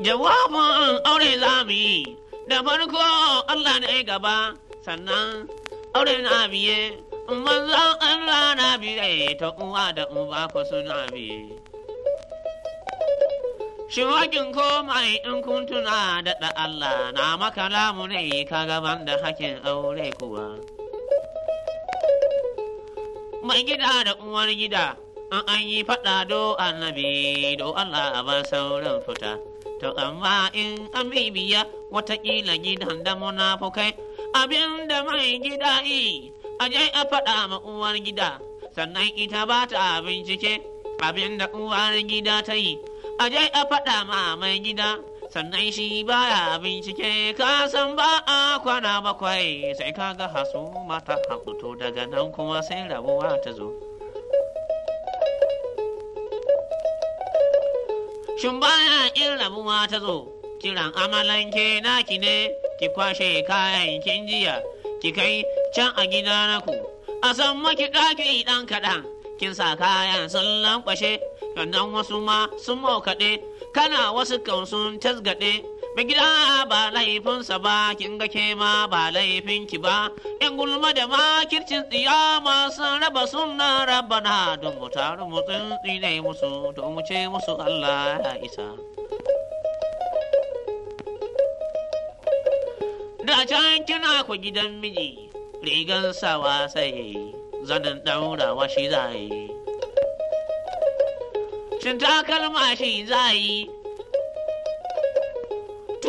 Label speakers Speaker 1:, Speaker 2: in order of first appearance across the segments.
Speaker 1: Jawabin aure za mu yi, da farko Allah ne gaba, sannan aure na biye, mazan Allah na biye ta uwa da uba ku suna biye. Shiwakin komai in kun tuna daɗa Allah na makala mu ne ka gaban da hakin aure kuwa. Mai gida da uwar gida, an an yi faɗa do annabi, do Allah a ba sauran fita. to amma in an bibiya watakila gidan da munafukai abin da mai gida yi a je a faɗa ma uwar gida sannan ita ba ta bincike abin da uwar gida ta yi je a faɗa ma mai gida sannan shi baya bincike ka san ba a kwana bakwai sai ka ga hasu mata hakuto daga nan kuma sai rabuwa ta zo. Shin baya in rabuwa ta zo, kiran amalanke naki ne, ki kwashe kayan kin jiya, ki kai can a gida naku. A san maki ɗaki ɗan kaɗan, kin sa kayan sun lankwashe, sannan wasu ma sun maukaɗe, kana wasu kan sun tasgaɗe. mai gida ba laifinsa ba kin ga ke ma ba laifinki ba yan gulma da makircin tsiyama masu raba sunna rabana don mu taru mu musu to mu ce musu Allah ya isa da can kina ku gidan miji rigan sawa sai zanen ɗaurawa shi za yi cin takalma shi za yi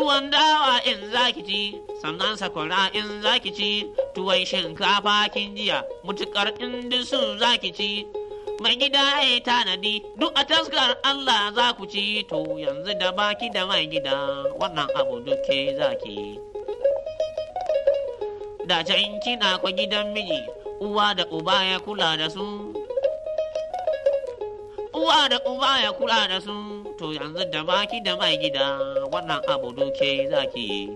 Speaker 1: tuwon dawa in zaki ci sannan sakwara in zaki ci tuwon shinkafa kin jiya mutukar in sun zaki ci mai gida ya yi tanadi duk a taskar Allah za ku ci to yanzu da baki da mai gida wannan abu duke zaki da can kina kwa gidan miji uwa da uba ya kula da su uwa da uba ya kula da su to yanzu da baki da mai gida wannan abu duke zaki yi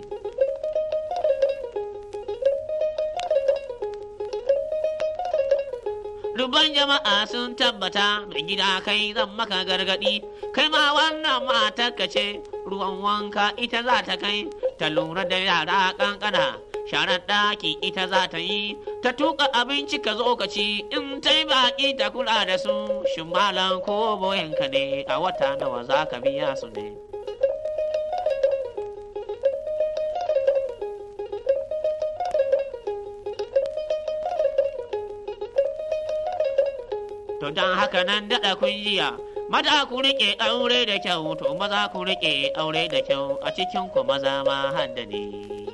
Speaker 1: dubban jama'a sun tabbata mai gida kai zan maka gargadi kai ma wannan matar ka ce ruwan wanka ita za ta kai ta lura da yara kankana sharar ɗaki ita za ta yi ta tuka abinci ka zo ka ci in ta yi baƙi ta kula da su shin malam ko ka ne a wata nawa za ka biya su ne. to don haka nan daɗa kungiya mata ku riƙe aure da kyau to maza ku riƙe aure da kyau a cikin ku maza ma ne.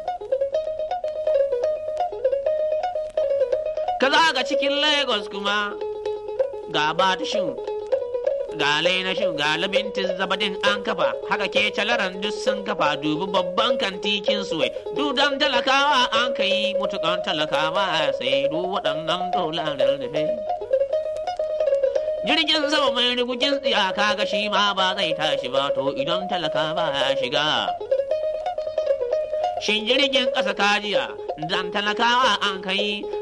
Speaker 1: ka ga cikin lagos kuma ga batishin ga lainashin ga labintin zabadin an kafa haka ke calaran duk sun kafa dubi babban kantikin suwai dudan talakawa an ka yi mutukan talakawa sai du waɗannan dolarar da jirgin sama mai rigugin tsiyaka ga shi ma ba zai tashi ba to idan talaka ya shiga shin jirgin ƙasa kajiya dan talakawa an kai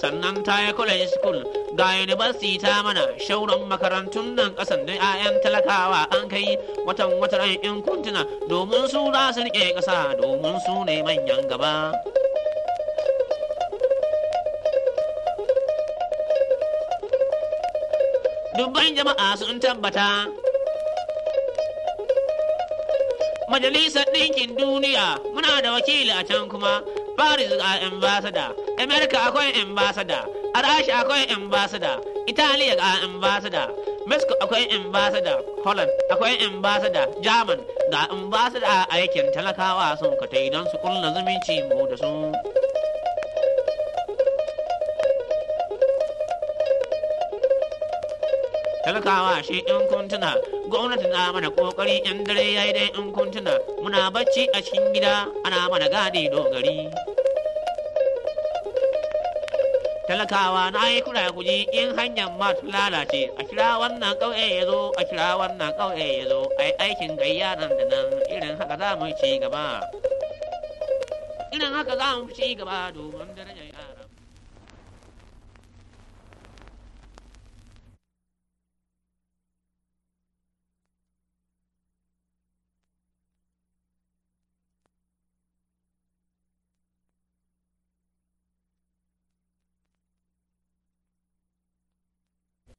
Speaker 1: sannan ta yi kula school ga university mana shauran makarantun nan kasan da 'ya'yan talakawa an kai watan watan in kuntuna domin su za su rike kasa domin su ne manyan gaba dubban jama'a sun tabbata majalisar ɗinkin duniya muna da wakili a can kuma Paris a uh, ambasada America akwai ambassador, Arashi akwai ambasada Italiya a uh, ambasada Mexico akwai ambasada Holland akwai ambasada German ga ambasada a aikin talakawa sun ka don su kulla zumunci mu da su. talakawa shi in kuntuna. gwamnati na mana kokari yan dare yayi dai in kuntuna muna bacci a cikin gida ana mana gadi dogari talakawa na yi kura guji in hanyar ma lalace a kira wannan ƙauye ya zo a kira wannan ƙauye ya zo a yi aikin gayya nan da nan irin haka za mu ci gaba irin haka za mu ci gaba domin da